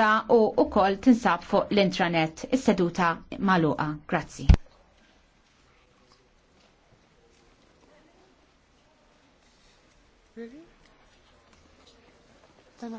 ġa iva u ukoll tinsab fuq l-intranet. Is-seduta maluqa. Grazzi. Really?